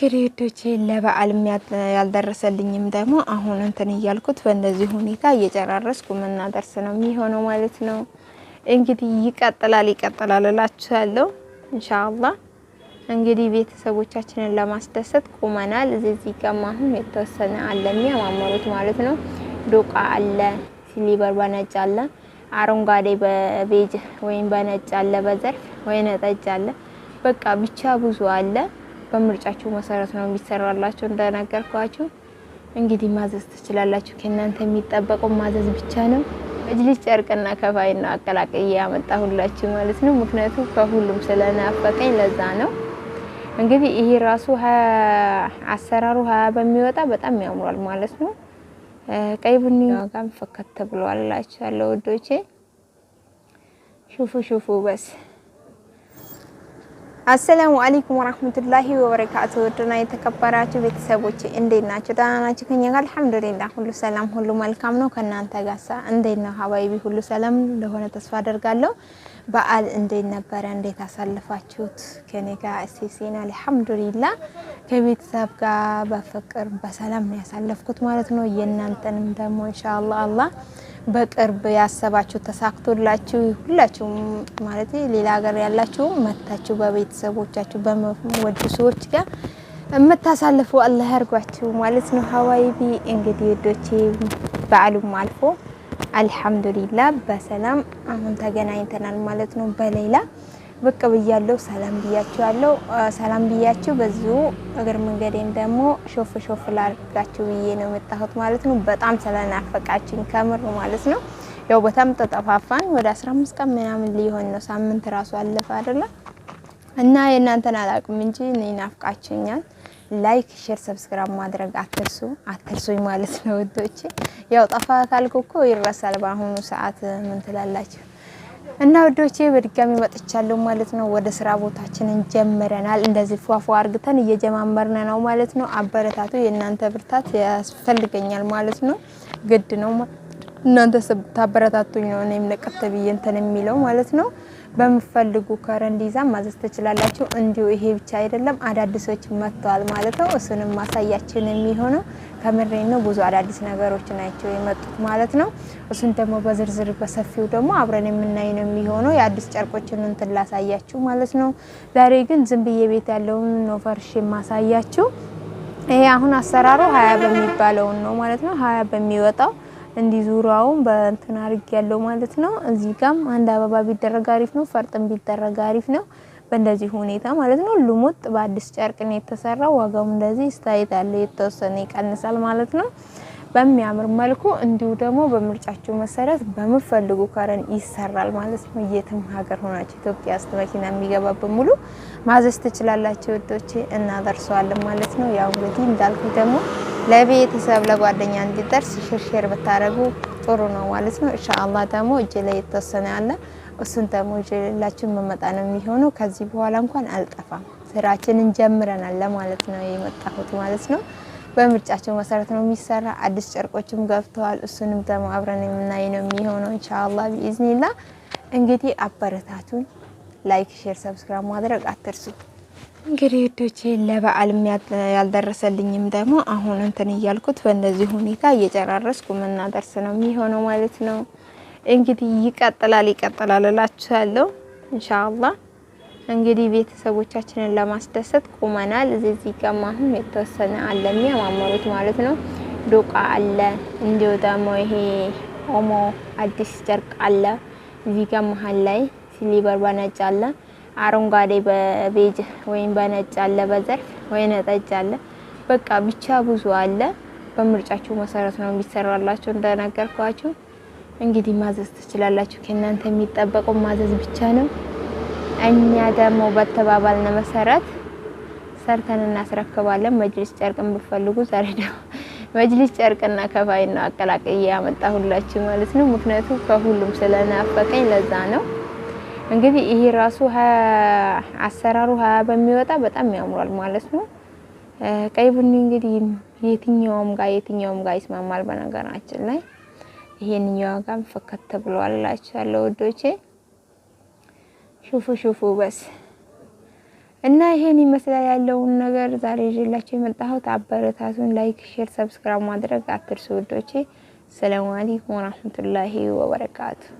እንግዲህ ውዶቼ ለበዓል ያልደረሰልኝም ደግሞ አሁን እንትን እያልኩት በእንደዚህ ሁኔታ እየጨራረስኩ የምናደርስ ነው የሚሆነው ማለት ነው። እንግዲህ ይቀጥላል ይቀጥላል እላችኋለሁ ኢንሻአላህ። እንግዲህ ቤተሰቦቻችንን ለማስደሰት ቁመናል። እዚህ ጋም አሁን የተወሰነ አለ የሚያማምሩት ማለት ነው። ዶቃ አለ፣ ሲሊበር በነጭ አለ፣ አረንጓዴ በቤጅ ወይም በነጭ አለ፣ በዘርፍ ወይ ነጠጅ አለ። በቃ ብቻ ብዙ አለ። በምርጫችሁ መሰረት ነው የሚሰራላችሁ። እንደነገርኳችሁ እንግዲህ ማዘዝ ትችላላችሁ። ከእናንተ የሚጠበቀው ማዘዝ ብቻ ነው። እጅ ጨርቅና ከፋይ ነው አቀላቅዬ ያመጣሁላችሁ ማለት ነው። ምክንያቱ ከሁሉም ስለናፈቀኝ ለዛ ነው። እንግዲህ ይሄ ራሱ አሰራሩ ሀያ በሚወጣ በጣም ያምሯል ማለት ነው። ቀይ ቡኒ ዋጋም ፈከት ብሏላችሁ ያለ ወዶቼ ሹፉ ሹፉ በስ አሰላሙ አለይኩም ወራህመቱላሂ ወበረካቱ። ውድና የተከበራችሁ ቤተሰቦች እንዴት ናችሁ? ደህና ናችሁ? ከኛ ጋር አልሐምዱሊላህ ሁሉ ሰላም፣ ሁሉ መልካም ነው። ከእናንተ ጋሳ እንዴት ነው? ሀባይቢ ሁሉ ሰላም እንደሆነ ተስፋ አደርጋለሁ። በዓል እንዴት ነበረ? እንዴት አሳልፋችሁት? ከኔ ጋር እስቴሴና አልሐምዱሊላህ ከቤተሰብ ጋር በፍቅር በሰላም ነው ያሳለፍኩት ማለት ነው። የእናንተንም ደግሞ ኢንሻአላህ አላህ በቅርብ ያሰባችሁ ተሳክቶላችሁ ሁላችሁ ማለት ሌላ ሀገር ያላችሁ መታችሁ በቤተሰቦቻችሁ በመወዱ ሰዎች ጋር የምታሳልፉ አላህ ያርጓችሁ ማለት ነው። ሀዋይቢ እንግዲህ ወዶቼ በዓሉም አልፎ አልሐምዱሊላ በሰላም አሁን ተገናኝተናል ማለት ነው በሌላ ብቅ ብያለሁ። ሰላም ብያችሁ አለው ሰላም ብያችሁ በዙ እግር መንገዴን ደግሞ ሾፍ ሾፍ ላርጋችሁ ብዬ ነው የመጣሁት ማለት ነው። በጣም ስለናፈቃችኝ ከምር ማለት ነው። ያው በጣም ተጠፋፋን። ወደ 15 ቀን ምናምን ሊሆን ነው። ሳምንት ራሱ አለፈ አይደለ? እና የእናንተን አላውቅም እንጂ እኔ ናፍቃችኛል። ላይክ፣ ሼር፣ ሰብስክራይብ ማድረግ አትርሱ አትርሱኝ ማለት ነው ውዶቼ። ያው ጠፋ ካልኩ እኮ ይረሳል። በአሁኑ ሰዓት ምን ትላላችሁ? እና ወዶቼ በድጋሚ መጥቻለሁ ማለት ነው። ወደ ስራ ቦታችንን ጀምረናል። እንደዚህ ፏፏ አርግተን እየጀማመርን ነው ማለት ነው። አበረታቱ። የእናንተ ብርታት ያስፈልገኛል ማለት ነው። ግድ ነው። እናንተ ታበረታቱኝ ነው እኔም ነቀጥ ብዬ እንትን የሚለው ማለት ነው። በምፈልጉ ከረንድ ይዛ ማዘዝ ትችላላችሁ። እንዲሁ ይሄ ብቻ አይደለም፣ አዳዲሶች መጥተዋል ማለት ነው። እሱንም ማሳያችን የሚሆነው ከምሬ ነው። ብዙ አዳዲስ ነገሮች ናቸው የመጡት ማለት ነው። እሱን ደግሞ በዝርዝር በሰፊው ደግሞ አብረን የምናይ ነው የሚሆነው። የአዲስ ጨርቆችን እንትን ላሳያችሁ ማለት ነው። ዛሬ ግን ዝም ብዬ ቤት ያለውን ነው ፈርሽ የማሳያችሁ። ይሄ አሁን አሰራሩ ሀያ በሚባለውን ነው ማለት ነው ሀያ በሚወጣው እንዲህ ዙሪያውን በእንትን አርግ ያለው ማለት ነው። እዚህ ጋም አንድ አበባ ቢደረግ አሪፍ ነው። ፈርጥም ቢደረግ አሪፍ ነው። በእንደዚህ ሁኔታ ማለት ነው። ልሙጥ በአዲስ ጨርቅ ነው የተሰራው። ዋጋውም እንደዚህ ስታይት አለ የተወሰነ ይቀንሳል ማለት ነው በሚያምር መልኩ እንዲሁ ደግሞ በምርጫቸው መሰረት በምፈልጉ ከረን ይሰራል ማለት ነው። የትም ሀገር ሆናቸው ኢትዮጵያ ውስጥ መኪና የሚገባ በሙሉ ማዘዝ ትችላላቸው ወዶቼ እናደርሰዋለን ማለት ነው። ያው እንግዲህ እንዳልኩ ደግሞ ለቤተሰብ ለጓደኛ እንዲደርስ ሽርሽር ብታደርጉ ጥሩ ነው ማለት ነው። ኢንሻአላህ ደግሞ እጅ ላይ የተወሰነ ያለ እሱን ደግሞ ይዤላችሁ የምመጣ ነው የሚሆነው። ከዚህ በኋላ እንኳን አልጠፋም፣ ስራችንን ጀምረናል ለማለት ነው የመጣሁት ማለት ነው። በምርጫቸው መሰረት ነው የሚሰራ። አዲስ ጨርቆችም ገብተዋል። እሱንም ደግሞ አብረን የምናይ ነው የሚሆነው ኢንሻአላህ ቢኢዝኒላ። እንግዲህ አበረታቱን። ላይክ፣ ሼር፣ ሰብስክራይብ ማድረግ አትርሱ። እንግዲህ ውዶቼ ለበዓልም ያልደረሰልኝም ደግሞ አሁን እንትን እያልኩት በእንደዚህ ሁኔታ እየጨራረስኩ ምናደርስ ነው የሚሆነው ማለት ነው። እንግዲህ ይቀጥላል ይቀጥላል እላችኋለሁ እንሻአላ እንግዲህ ቤተሰቦቻችንን ለማስደሰት ቁመናል። እዚህ ጋር አሁን የተወሰነ አለ የሚያማምሩት ማለት ነው። ዶቃ አለ፣ እንዲሁ ደግሞ ይሄ ኦሞ አዲስ ጨርቅ አለ። እዚህ ጋር መሀል ላይ ሲሊበር ባነጭ አለ። አረንጓዴ በቤጅ ወይም በነጭ አለ፣ በዘርፍ ወይ ጠጅ አለ። በቃ ብቻ ብዙ አለ። በምርጫችሁ መሰረት ነው የሚሰራላችሁ። እንደነገርኳችሁ እንግዲህ ማዘዝ ትችላላችሁ። ከእናንተ የሚጠበቀው ማዘዝ ብቻ ነው። እኛ ደግሞ በተባባልነ መሰረት ሰርተን እናስረክባለን። መጅሊስ ጨርቅን ብፈልጉ ዛሬ ደግሞ መጅሊስ ጨርቅና ከፋይ ነው አቀላቅዬ ያመጣሁላችሁ ማለት ነው። ምክንያቱም ከሁሉም ስለናፈቀኝ ለዛ ነው። እንግዲህ ይሄ ራሱ አሰራሩ ሀያ በሚወጣ በጣም ያምሯል ማለት ነው። ቀይ ቡኒ እንግዲህ የትኛውም ጋር የትኛውም ጋር ይስማማል። በነገራችን ላይ ይሄን ጋር ፈከት ብሏላችኋለሁ ወዶቼ ሹፉ ሹፉ በስ እና ይሄን ይመስላል ያለውን ነገር ዛሬ ይዤላችሁ የመጣሁት። አበረታቱን። ላይክ፣ ሼር፣ ሰብስክራይብ ማድረግ አትርሱ ወዶቼ። ሰላም አለይኩም ወራህመቱላሂ ወበረካቱ